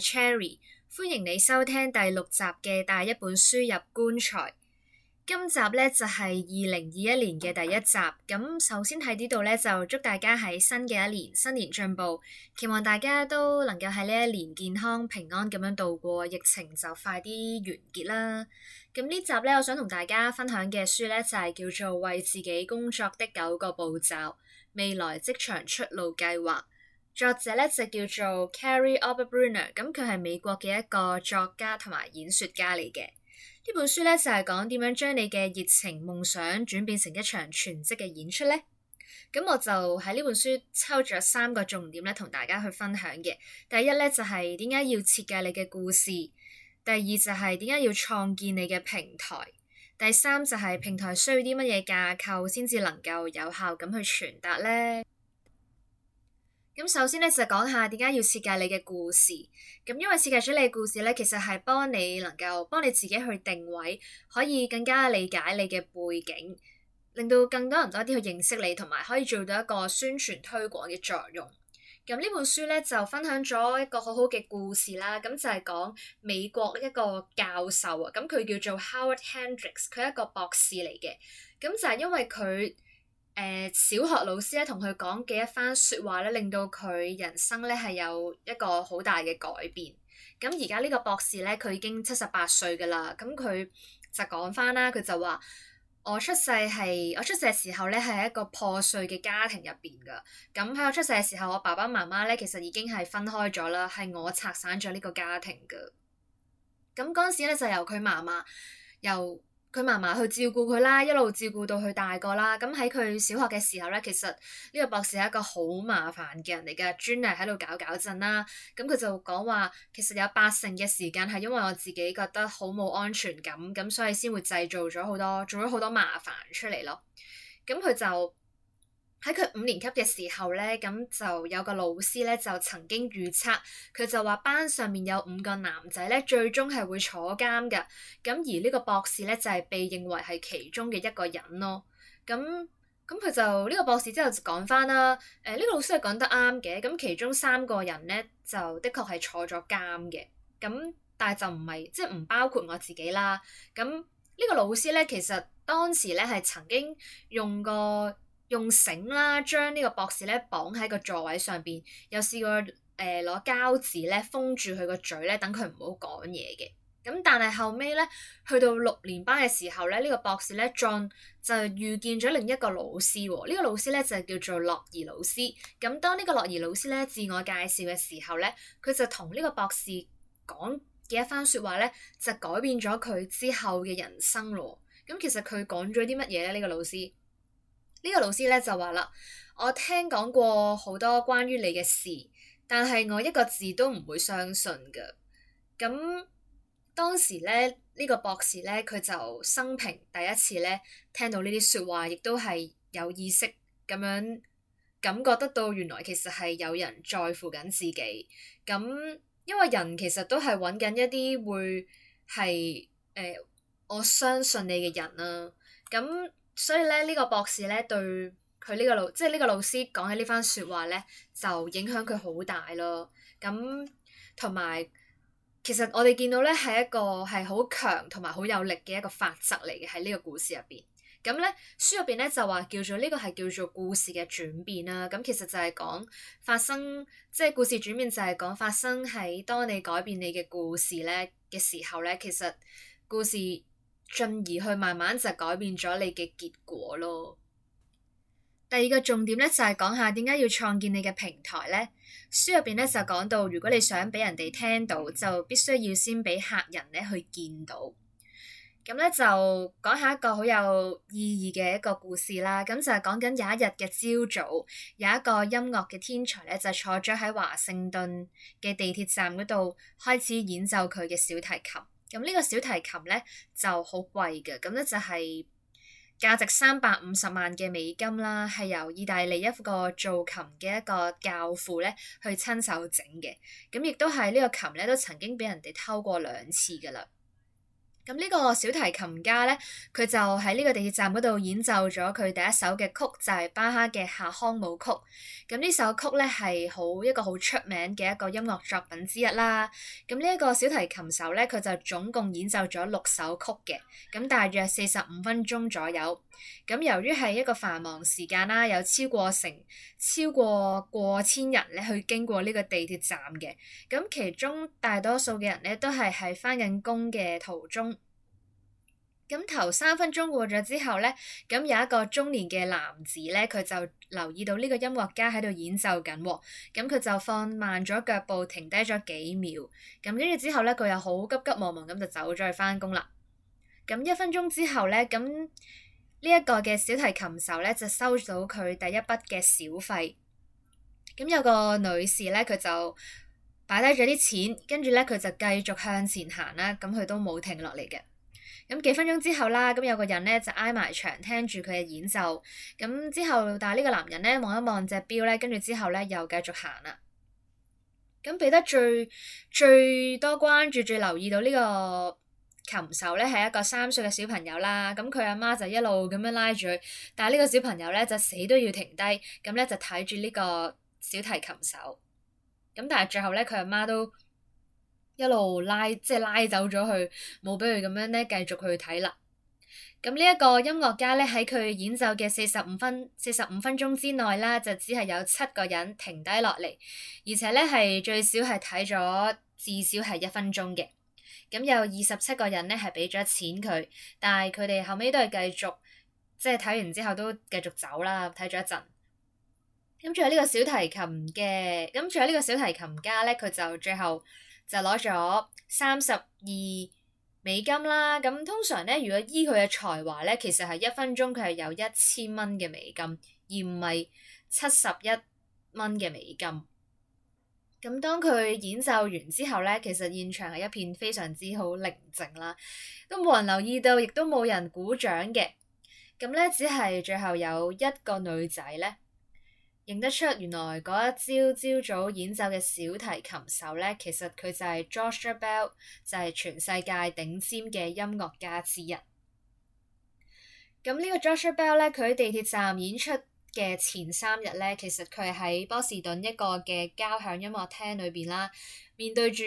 Cherry，歡迎你收聽第六集嘅《帶一本書入棺材》。今集呢就係二零二一年嘅第一集。咁首先喺呢度呢，就祝大家喺新嘅一年新年進步，期望大家都能夠喺呢一年健康平安咁樣度過，疫情就快啲完結啦。咁呢集呢，我想同大家分享嘅書呢，就係叫做《為自己工作的九個步驟：未來職場出路計劃》。作者咧就叫做 Kary Oberbrunner 咁佢係美國嘅一個作家同埋演說家嚟嘅。呢本書咧就係講點樣將你嘅熱情夢想轉變成一場全職嘅演出咧。咁我就喺呢本書抽咗三個重點咧，同大家去分享嘅。第一咧就係點解要設計你嘅故事，第二就係點解要創建你嘅平台，第三就係平台需要啲乜嘢架構先至能夠有效咁去傳達咧。咁首先咧就講下點解要設計你嘅故事，咁因為設計咗你嘅故事咧，其實係幫你能夠幫你自己去定位，可以更加理解你嘅背景，令到更多人多啲去認識你，同埋可以做到一個宣傳推廣嘅作用。咁呢本書咧就分享咗一個好好嘅故事啦，咁就係講美國一個教授啊，咁佢叫做 Howard Hendricks，佢係一個博士嚟嘅，咁就係因為佢，誒、呃、小學老師咧，同佢講嘅一番説話咧，令到佢人生咧係有一個好大嘅改變。咁而家呢個博士咧，佢已經七十八歲噶啦。咁佢就講翻啦，佢就話：我出世係我出世嘅時候咧，係一個破碎嘅家庭入邊噶。咁喺我出世嘅時候，我爸爸媽媽咧其實已經係分開咗啦，係我拆散咗呢個家庭噶。咁嗰陣時咧，就由佢媽媽由。佢嫲嫲去照顧佢啦，一路照顧到佢大個啦。咁喺佢小學嘅時候咧，其實呢個博士係一個好麻煩嘅人嚟嘅，專嚟喺度搞搞震啦。咁佢就講話，其實有八成嘅時間係因為我自己覺得好冇安全感，咁所以先會製造咗好多，做咗好多麻煩出嚟咯。咁佢就。喺佢五年級嘅時候咧，咁就有個老師咧就曾經預測，佢就話班上面有五個男仔咧，最終係會坐監嘅。咁而呢個博士咧就係被認為係其中嘅一個人咯。咁咁佢就呢、呢個博士之後就講翻啦。誒、呃、呢、呢個老師係講得啱嘅。咁其中三個人咧就的確係坐咗監嘅。咁但係就唔係即係唔包括我自己啦。咁呢、呢個老師咧其實當時咧係曾經用過。用繩啦，將呢個博士咧綁喺個座位上邊。又試過誒攞膠紙咧封住佢個嘴咧，等佢唔好講嘢嘅。咁但係後尾咧，去到六年班嘅時候咧，呢個博士咧進就遇見咗另一個老師喎。呢個老師咧就叫做樂兒老師。咁當呢個樂兒老師咧自我介紹嘅時候咧，佢就同呢個博士講嘅一番説話咧，就改變咗佢之後嘅人生咯。咁其實佢講咗啲乜嘢咧？呢個老師？呢個老師咧就話啦，我聽講過好多關於你嘅事，但係我一個字都唔會相信噶。咁當時咧，呢、這個博士咧，佢就生平第一次咧聽到呢啲說話，亦都係有意識咁樣感覺得到，原來其實係有人在乎緊自己。咁因為人其實都係揾緊一啲會係誒、呃，我相信你嘅人啦、啊。咁。所以咧，呢個博士咧對佢呢個老，即係呢個老師講嘅呢番説話咧，就影響佢好大咯。咁同埋，其實我哋見到咧係一個係好強同埋好有力嘅一個法則嚟嘅，喺呢個故事入邊。咁咧，書入邊咧就話叫做呢個係叫做故事嘅轉變啦。咁其實就係講發生，即係故事轉變就係講發生喺當你改變你嘅故事咧嘅時候咧，其實故事，進而去慢慢就改變咗你嘅結果咯。第二個重點咧就係講下點解要創建你嘅平台咧。書入邊咧就講到如果你想俾人哋聽到，就必須要先俾客人咧去見到。咁咧就講下一個好有意義嘅一個故事啦。咁就係講緊有一日嘅朝早，有一個音樂嘅天才咧就坐咗喺華盛頓嘅地鐵站嗰度開始演奏佢嘅小提琴。咁呢個小提琴咧就好貴嘅，咁咧就係價值三百五十萬嘅美金啦，係由意大利一個做琴嘅一個教父咧去親手整嘅，咁亦都係呢個琴咧都曾經俾人哋偷過兩次噶啦。咁呢個小提琴家呢，佢就喺呢個地鐵站嗰度演奏咗佢第一首嘅曲，就係巴哈嘅《夏康舞曲》。咁呢首曲呢，係好一個好出名嘅一個音樂作品之一啦。咁呢一個小提琴手呢，佢就總共演奏咗六首曲嘅，咁大約四十五分鐘左右。咁由於係一個繁忙時間啦，有超過成超過過千人呢去經過呢個地鐵站嘅，咁其中大多數嘅人呢，都係喺翻緊工嘅途中。咁頭三分鐘過咗之後呢，咁有一個中年嘅男子呢，佢就留意到呢個音樂家喺度演奏緊喎。咁佢就放慢咗腳步，停低咗幾秒。咁跟住之後呢，佢又好急急忙忙咁就走咗去返工啦。咁一分鐘之後呢，咁呢一個嘅小提琴手呢，就收咗佢第一筆嘅小費。咁有個女士呢，佢就擺低咗啲錢，跟住呢，佢就繼續向前行啦。咁佢都冇停落嚟嘅。咁幾分鐘之後啦，咁有個人呢，就挨埋牆聽住佢嘅演奏。咁之後，但係呢個男人呢，望一望隻錶呢，跟住之後呢，又繼續行啦。咁俾得最最多關注、最留意到呢個琴手呢，係一個三歲嘅小朋友啦。咁佢阿媽就一路咁樣拉住佢，但係呢個小朋友呢，就死都要停低，咁呢就睇住呢個小提琴手。咁但係最後呢，佢阿媽都。一路拉即係拉走咗佢，冇俾佢咁樣咧繼續去睇啦。咁呢一個音樂家咧喺佢演奏嘅四十五分四十五分鐘之內啦，就只係有七個人停低落嚟，而且咧係最少係睇咗至少係一分鐘嘅。咁有二十七個人咧係俾咗錢佢，但係佢哋後尾都係繼續即係睇完之後都繼續走啦，睇咗一陣。咁仲有呢個小提琴嘅，咁仲有呢個小提琴家咧，佢就最後。就攞咗三十二美金啦，咁通常咧，如果依佢嘅才華咧，其實係一分鐘佢係有一千蚊嘅美金，而唔係七十一蚊嘅美金。咁當佢演奏完之後咧，其實現場係一片非常之好寧靜啦，都冇人留意到，亦都冇人鼓掌嘅。咁咧，只係最後有一個女仔咧。認得出原來嗰一朝朝早演奏嘅小提琴手呢，其實佢就係 Joshua Bell，就係全世界頂尖嘅音樂家之一。咁呢個 Joshua Bell 呢，佢喺地鐵站演出嘅前三日呢，其實佢喺波士頓一個嘅交響音樂廳裏邊啦，面對住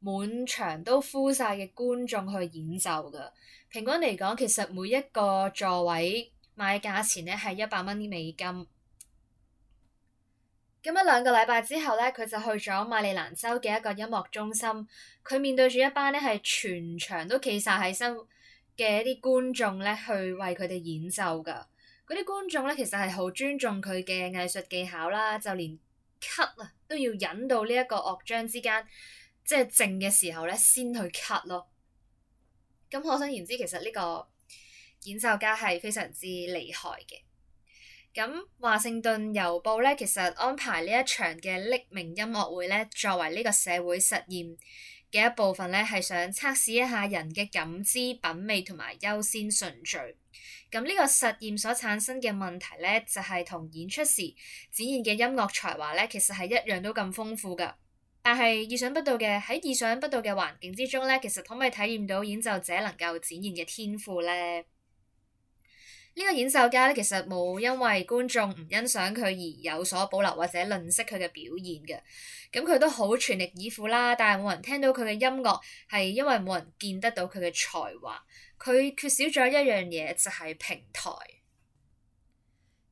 滿場都呼晒嘅觀眾去演奏㗎。平均嚟講，其實每一個座位賣價錢呢係一百蚊美金。咁樣兩個禮拜之後呢，佢就去咗馬里蘭州嘅一個音樂中心。佢面對住一班呢係全場都企晒起身嘅一啲觀眾呢去為佢哋演奏噶。嗰啲觀眾呢其實係好尊重佢嘅藝術技巧啦，就連咳啊都要忍到呢一個樂章之間即係、就是、靜嘅時候呢先去咳咯。咁可想而知，其實呢個演奏家係非常之厲害嘅。咁華盛頓郵報咧，其實安排呢一場嘅匿名音樂會咧，作為呢個社會實驗嘅一部分咧，係想測試一下人嘅感知、品味同埋優先順序。咁呢個實驗所產生嘅問題咧，就係同演出時展現嘅音樂才華咧，其實係一樣都咁豐富㗎。但係意想不到嘅喺意想不到嘅環境之中咧，其實可唔可以體驗到演奏者能夠展現嘅天賦咧？呢個演奏家咧，其實冇因為觀眾唔欣賞佢而有所保留或者吝惜佢嘅表現嘅。咁佢都好全力以赴啦，但係冇人聽到佢嘅音樂，係因為冇人見得到佢嘅才華。佢缺少咗一樣嘢，就係平台。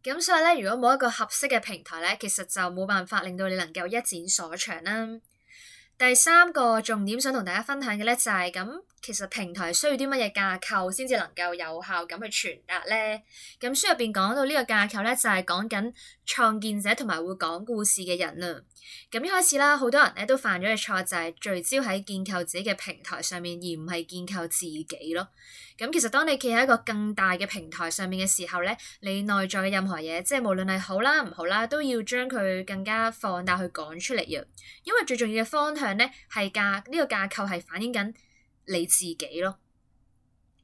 咁所以咧，如果冇一個合適嘅平台咧，其實就冇辦法令到你能夠一展所長啦。第三個重點想同大家分享嘅呢，就係咁，其實平台需要啲乜嘢架構先至能夠有效咁去傳達呢？咁書入面講到呢個架構呢，就係講緊創建者同埋會講故事嘅人。咁一開始啦，好多人咧都犯咗嘅錯就係、是、聚焦喺建構自己嘅平台上面，而唔係建構自己咯。咁其實當你企喺一個更大嘅平台上面嘅時候咧，你內在嘅任何嘢，即係無論係好啦、唔好啦，都要將佢更加放大去講出嚟啊！因為最重要嘅方向咧係架呢、這個架構係反映緊你自己咯。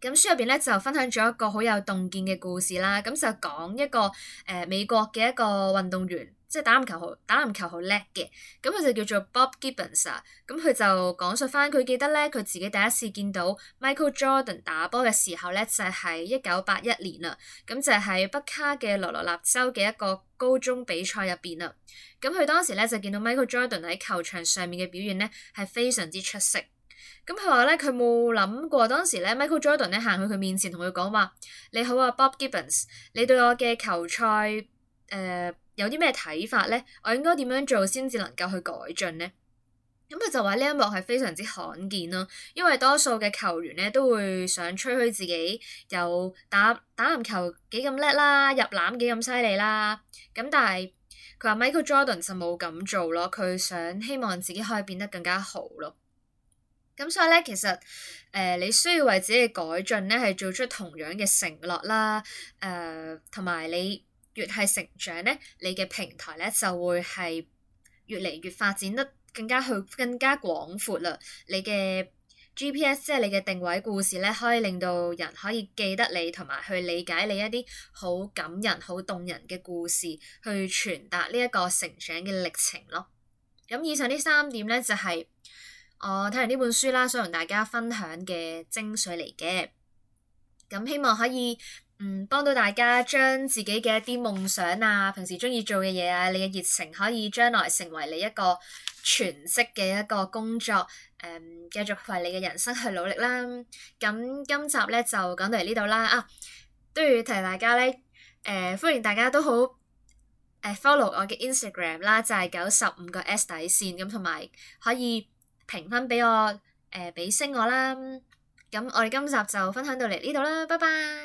咁書入邊咧就分享咗一個好有洞見嘅故事啦。咁就講一個誒、呃、美國嘅一個運動員。即係打籃球好，打籃球好叻嘅，咁佢就叫做 Bob Gibbons 啊。咁佢就講述返佢記得咧，佢自己第一次見到 Michael Jordan 打波嘅時候咧，就係一九八一年啦。咁就喺北卡嘅羅羅納州嘅一個高中比賽入邊啦。咁佢當時咧就見到 Michael Jordan 喺球場上面嘅表現咧係非常之出色。咁佢話咧佢冇諗過當時咧 Michael Jordan 咧行去佢面前同佢講，話你好啊，Bob Gibbons，你對我嘅球賽誒？呃有啲咩睇法呢？我應該點樣做先至能夠去改進呢？咁、嗯、佢就話呢一幕係非常之罕見咯，因為多數嘅球員呢都會想吹噓自己有打打籃球幾咁叻啦，入籃幾咁犀利啦。咁但係佢話 Michael Jordan 就冇咁做咯，佢想希望自己可以變得更加好咯。咁所以呢，其實誒、呃、你需要為自己嘅改進呢係做出同樣嘅承諾啦。誒、呃，同埋你。越係成長咧，你嘅平台咧就會係越嚟越發展得更加去更加廣闊啦。你嘅 GPS 即係你嘅定位故事咧，可以令到人可以記得你同埋去理解你一啲好感人、好動人嘅故事，去傳達呢一個成長嘅歷程咯。咁以上呢三點咧就係我睇完呢本書啦，想同大家分享嘅精髓嚟嘅。咁希望可以。嗯，幫到大家將自己嘅一啲夢想啊，平時中意做嘅嘢啊，你嘅熱情可以將來成為你一個全職嘅一個工作。誒、嗯、繼續為你嘅人生去努力啦。咁、嗯、今集呢，就講到嚟呢度啦。啊，都要提大家呢，誒、呃，歡迎大家都好、呃、follow 我嘅 Instagram 啦，就係九十，五個 S 底線咁，同、嗯、埋可以評分俾我誒俾、呃、星我啦。咁、嗯、我哋今集就分享到嚟呢度啦，拜拜。